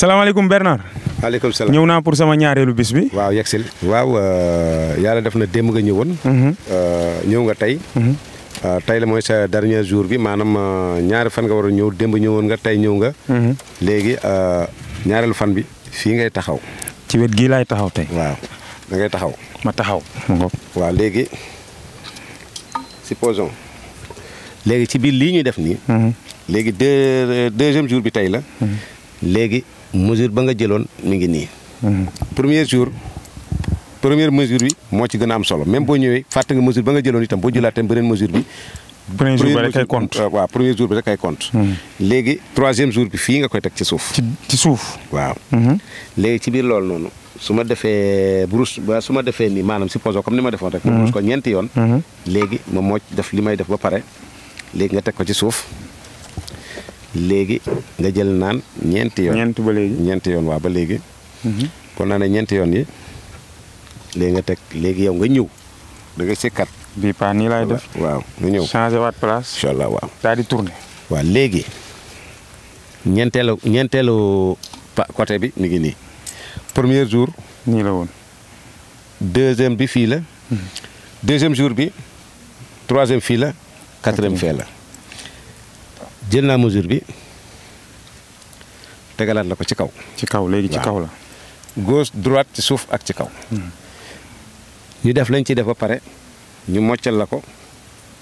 salaamaaleykum Bernard. maaleykum salaam ñëw naa pour sama ñaareelu bis bi. waaw yegsil waaw euh, yàlla def na démb nga ñëwoon. Mhm. Euh, ñëw nga tey. Mhm. Euh, tey la mooy sa dernier jour bi maanaam ñaari fan nga war a ñëw démb ñëwoon nga tey ñëw nga. Mhm. léegi ñaareelu fan bi fii ngay taxaw. ci wet gii laay taxaw tey. waaw da ngay taxaw. ma taxaw. waaw léegi supposons léegi ci biir lii ñuy def nii. léegi deux deuxième jour bi tey la. léegi. mesure ba nga jëloon mi ngi nii. Mhm. premier jour première mesure bi moo ci gën a am solo même boo ñëwee fàtte nga mesure ba nga jëloon itam boo jëlaatee beneen mesure bi. premier jour ba euh, rek ay compte waaw premier jour bi rek ay compte. léegi troisième jour bi fii nga koy teg ci suuf. ci ci suuf. waaw. Mhm. léegi ci biir loolu noonu su ma defee brousse ba su ma defee nii maanaam supposons comme ni ma defoon rek. ma mhm. brousse ko ñeenti yoon. léegi ma moo def li may def ba pare léegi nga teg ko ci suuf. léegi nga jël naan ñeenti yoon ba léegi ñeenti yoon waaw ba léegi mhm. kon naa ne ñeenti yoon yi léegi nga teg léegi yow nga ñëw da nga sikkat bii paa nii laay def waaw nga ñëw changé waat place incha allah waaw daal di tourné waaw léegi ñeenteelu ñeenteelu côté bi mu ngi nii première jour nii la woon deuxième bi fii la mhm. deuxième jour bi troisième fii la quatrième fee la jël naa mesure bi tegalaat la ko ci kaw. ci kaw léegi ci kaw la. gauche droite ci suuf ak ci kaw. Hmm. ñu def lañ ci def ba pare ñu moccal la ko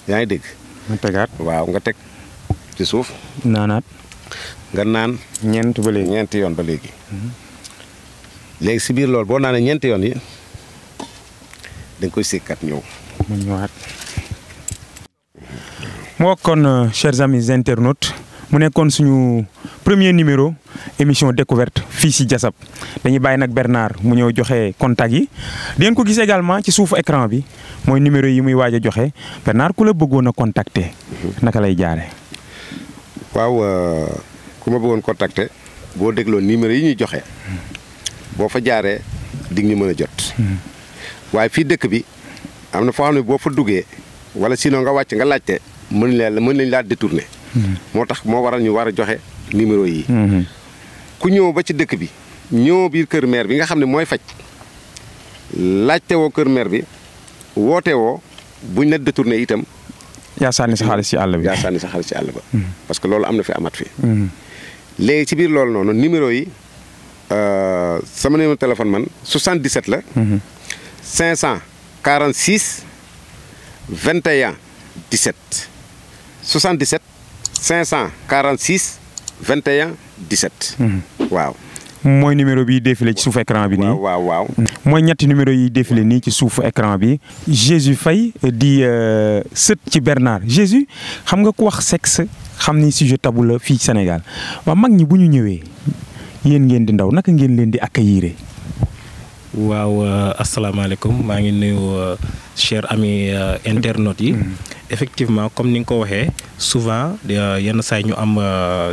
yaa ngi dégg. nga tegaat waaw nga teg ci suuf. naanaat. nga naan. ñeent ba léegi ñeenti yoon ba léegi. Hmm. léegi si biir lool boo naanee ñeenti yoon yi da koy sékkat ñëw. moo kon euh, chers amis internautes mu nekkoon suñu premier numéro émission découverte fii si jasab dañuy bàyyi nag Bernard mu ñëw joxe contact yi di ngeen ko gis également ci suufu écran bi mooy numéro yi muy waaj a Bernard ku la bëggoon a contacter mhm. naka lay jaare waaw euh, ku ma bëggoon contacter boo dégloo numéro yi ñuy joxe boo fa jaaree dig ñu mën a jot mhm. waaye fii dëkk bi am na foo xam ne boo fa duggee wala sinon nga wàcc nga laajte. mën leen mën lañ laa détourné. Hmm. moo tax moo waral ñu war a joxe numéro yi. Hmm. ku ñëw ba ci dëkk bi ñëw biir kër maire bi nga xam ne mooy faj laajte woo kër maire bi woote woo buñ la détourné itam. yaa sànni sa xaalis ci àll bi yaa sànni sa xaalis ci àll ba. Hmm. parce que loolu am na fi amat fi. léegi ci biir loolu noonu numéro yi euh, sama numéro téléphone man 77 la. 546 21 17. 77 546 21 17. Wow Moi numéro bi défilé ci souf écran bi. ni waaw waaw numéro yi défilé ni ci écran Jésus Fay euh, di seut Bernard Jésus xam nga ku wax sexe xam ni sujet tabou la fi Sénégal wa mag ñi buñu ñëwé yeen di ndaw naka euh, euh, cher ami internautes mm-hmm effectivement comme niñ ko waxé souvent euh, yenn say ñu am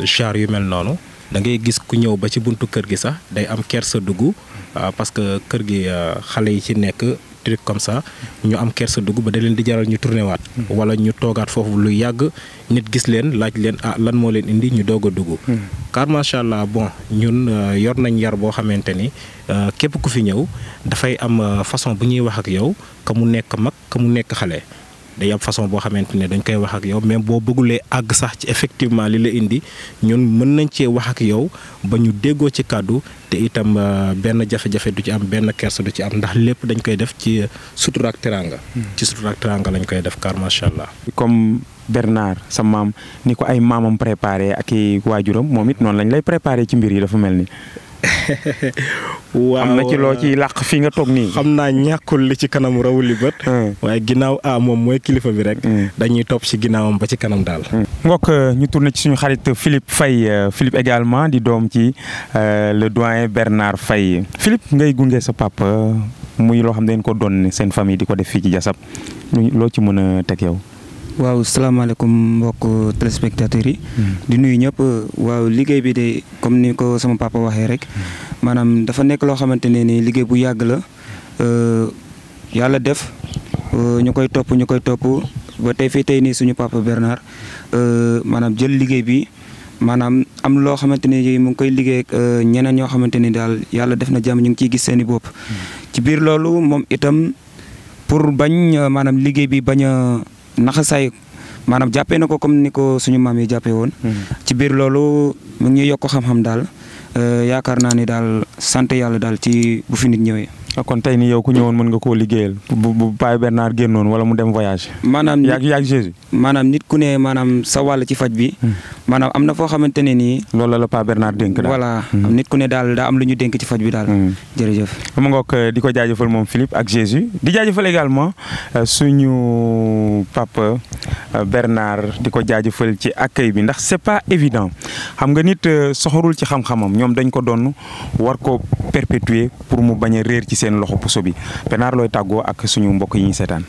char euh, yu mel noonu da ngay gis ku ñew ba ci buntu kër gi sax day am kersa duggu euh, parce que kër gi xalé yi ci nekk truc comme ça ñu am kersa duggu ba da leen di jaral ñu tourner waat hmm. wala ñu toogaat fofu lu yagg nit gis leen laaj leen ah lan mo leen indi ñu doga duggu hmm. car machallah bon ñun yor nañ yar bo xamanteni ni képp ku fi ñew da fay am façon bu ñuy wax ak yow ka mu nekk mag ka mu nekk xalé day am façon boo xamante ne dañ koy wax ak yow mais boo bëggulee àgg sax ci effectivement li la indi ñun mën nañ cee wax ak yow ba ñu déggoo ci kàddu te itam euh, benn jafe-jafe du ci am benn kerse du ci am ndax lépp dañ koy def ci euh, sutura ak teraanga. Hmm. ci sutura ak teraanga lañ koy def car macha allah. comme Bernard sa maam ni ko ay maamam préparé ak i waajuram moom it noonu lañ lay préparé ci mbir yi dafa mel ni. waaw na ci loo ciy làq fi nga toog nii. xam naa ñàkkul li ci kanam rawul li bët. Hmm. waaye ginnaaw a moom mooy kilifa bi rek. Hmm. dañuy topp si ginnaawam ba ci kanam daal. ngokk hmm. ñu tourné ci suñu xarit Philippe Faye euh, Philippe également di doom ci euh, le doyen Bernard Faye Philippe ngay gunge sa papa euh, muy loo xam ne dañ ko doon seen famille di ko def fii ci jasab loo ci mën a teg yow. waaw salaamaaleykum mbokk téléspectateurs yi hmm. di nuyu ñëpp waaw liggéey bi de comme ni ko sama papa waxee mana, hmm. maanaam dafa nekk loo xamante ne ni liggéey bu yàgg la hmm. euh, yàlla def euh, ñu koy topp ñu koy topp ba tey fii tey nii suñu papa Bernard euh, maanaam jël liggéey bi mana am loo xamante ne mu ngi koy liggéey ak ñeneen ñoo xamante ni daal yàlla def na jàmm ñu ngi ciy gis seen i bopp ci biir loolu moom itam pour bañ maanaam liggéey bi bañ naxasaay maanaam jàppee na ko comme ni ko suñu maam yi jàppee woon. Hmm. ci biir loolu mu ngi yokk xam-xam daal euh, yaakaar naa ni daal sant yàlla daal ci bu fi nit ñëwee. Ah, kon tey ni yow ku ñëwoon mën nga koo liggéeyal bu bu Baye Bernard génnoon wala mu dem voyage. maanaam yaa yaa Jésus. nit ku ne maanaam sa wàll ci faj bi. Hmm. maanaam am na foo xamante ne nii. loolu la la Paa Bernard dénk daal voilà hmm. nit ku ne daal daa am lu ñu dénk ci faj bi daal. Hmm. jërëjëf. mu ngoog eh, di ko jaajëfal moom Philippe ak Jésus di jaajëfal également eh, suñu papa eh, Bernard di ko jaajëfal ci accueil bi ndax c'est pas évident xam nga nit soxorul ci xam-xamam ñoom dañ ko doon war ko perpétuer pour mu bañ a réer ci seen loxo puso bi Pénard looy tàggoo ak suñu mbokk yi ñuy seetaan.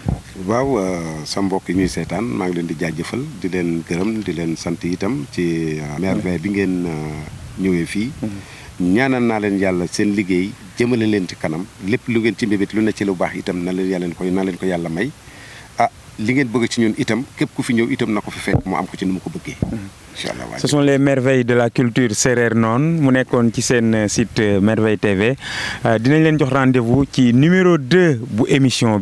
waaw euh, sa mbokk yi ñuy seetaan maa ngi leen di jëfal di leen gërëm di leen sant itam ci euh, merveille bi ngeen euh, ñëwee fii. Mm-hmm. ñaanal naa leen yàlla seen liggéey jëmale leen ci kanam lépp lu ngeen ci mbébét lu ne ci lu baax itam na leen yàlla koy na leen ko yàlla may. ce sont les merveilles de la culture serrère non. mu euh, site euh, Merveille TV euh, rendez-vous numéro 2 émission